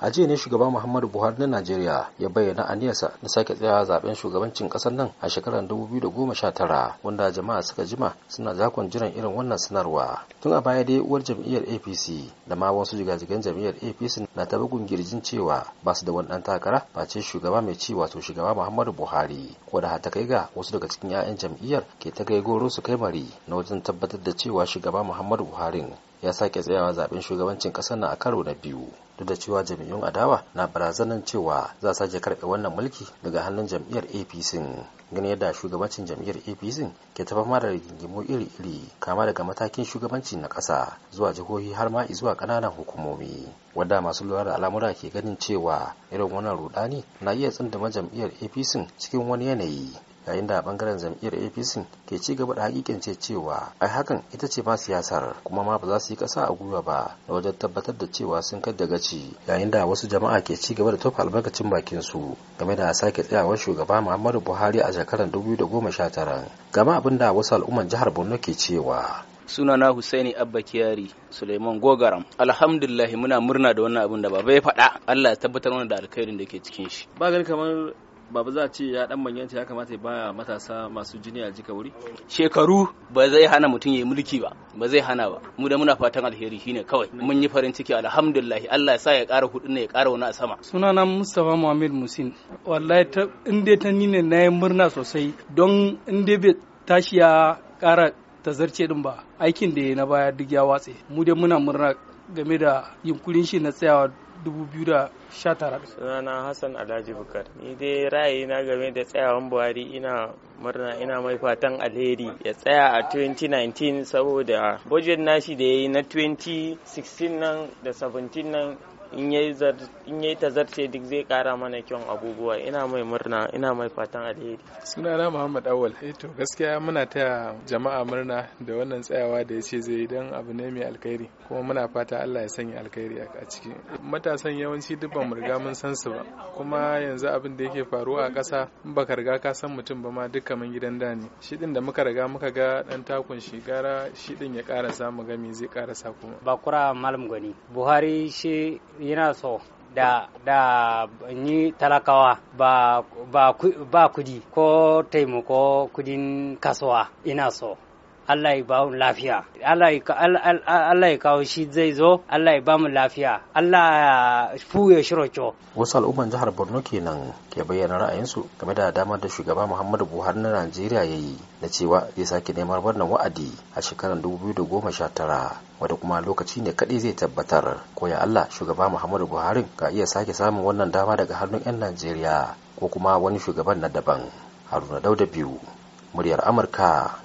a jiya ne shugaba muhammadu buhari na najeriya ya bayyana a aniyarsa na sake tsayawa zaben shugabancin kasar nan a shekarar dubu da goma sha tara, wanda jama'a suka jima suna zakon jiran irin wannan sanarwa tun a baya dai uwar jam'iyyar apc da ma wasu jigajigan jam'iyyar apc na ta bugun girjin cewa ba su da wani dan takara face shugaba mai ci wato shugaba muhammadu buhari ko da ta kai ga wasu daga cikin 'ya'yan jam'iyyar ke ta gaigoro goro su kai mari na wajen tabbatar da cewa shugaba muhammadu buhari ya sake tsayawa zaben shugabancin kasar na a karo na biyu duk da cewa jam'iyyun adawa na barazanar cewa za su sake karbe wannan mulki daga hannun jam'iyyar apc ganin yadda shugabancin jam'iyyar apc ke ta fama da rigingimu iri-iri kama daga matakin shugabanci na ƙasa zuwa jihohi har ma zuwa ƙananan hukumomi wadda masu lura da al'amura ke ganin cewa irin wannan rudani na iya tsindima jam'iyyar apc cikin wani yanayi yayin da bangaren jam'iyyar apc ke ci gaba da ce cewa ai hakan ita ce ma siyasar kuma ma ba za su yi kasa a gwiwa ba na wajen tabbatar da cewa sun kai da gaci yayin da wasu jama'a ke ci gaba da tofa albarkacin bakin su game da sake tsayawar shugaba muhammadu buhari a shekarar 2019 gama abin da wasu al'umman jihar borno ke cewa sunana Husaini Abba Kiyari Suleiman Gogaram. Alhamdulillah muna murna da wannan abin da baba ya faɗa. Allah ya tabbatar mana da alkhairin da ke cikin shi. Ba gani kamar ba za a ce ya dan manyanta ya kamata ya baya matasa masu jini a jika wuri shekaru ba zai hana mutum ya yi mulki ba ba zai hana ba mu da muna fatan alheri shine kawai mun yi farin ciki alhamdulillah Allah ya sa ya ƙara kuɗin ne ya ƙara wani a sama sunana Mustapha Muhammad Musin wallahi ta in ta nine na yi murna sosai don in bai tashi ya ƙara tazarce din ba aikin da ya na baya duk ya watse mu da muna murna game da yunkurin shi na tsayawa 2019 sunana hassan alhaji bukar ni dai ra'ayi na game da tsayawan buhari ina murna ina mai fatan alheri ya tsaya a 2019 saboda budget nashi da ya yi na 2016 nan da 17 nan in yayi zarce duk zai kara mana kyan abubuwa ina mai murna ina mai fatan alheri sunana muhammad awal eh to gaskiya muna taya jama'a murna da wannan tsayawa da ya ce zai don abu ne mai alkhairi kuma muna fata allah ya sanya alkhairi a ciki matasan yawanci duk ba mu riga mun san su ba kuma yanzu abin da yake faruwa a ƙasa in baka riga ka san mutum ba ma duk kaman gidan da ne shi din da muka riga muka ga dan takun shi gara shi din ya karasa mu ga me zai karasa kuma bakura malam gwani buhari shi yana so da da ni talakawa ba ba, ba kudi ko taimako kudin kasuwa ina so Allah ya mu lafiya Allah ya kawo shi zai zo Allah ya bamu lafiya Allah ya fuye shirocho wasu al'umman jihar Borno kenan ke bayyana ra'ayinsu game da damar da shugaba Muhammadu Buhari na Najeriya ya yi na cewa zai sake neman wannan wa'adi a shekarar dubu da goma sha tara. wadda kuma lokaci ne kaɗai zai tabbatar ko ya Allah shugaba Muhammadu Buhari ka iya sake samun wannan dama daga hannun 'yan Najeriya ko kuma wani shugaban na daban Haruna Dauda biyu muryar Amurka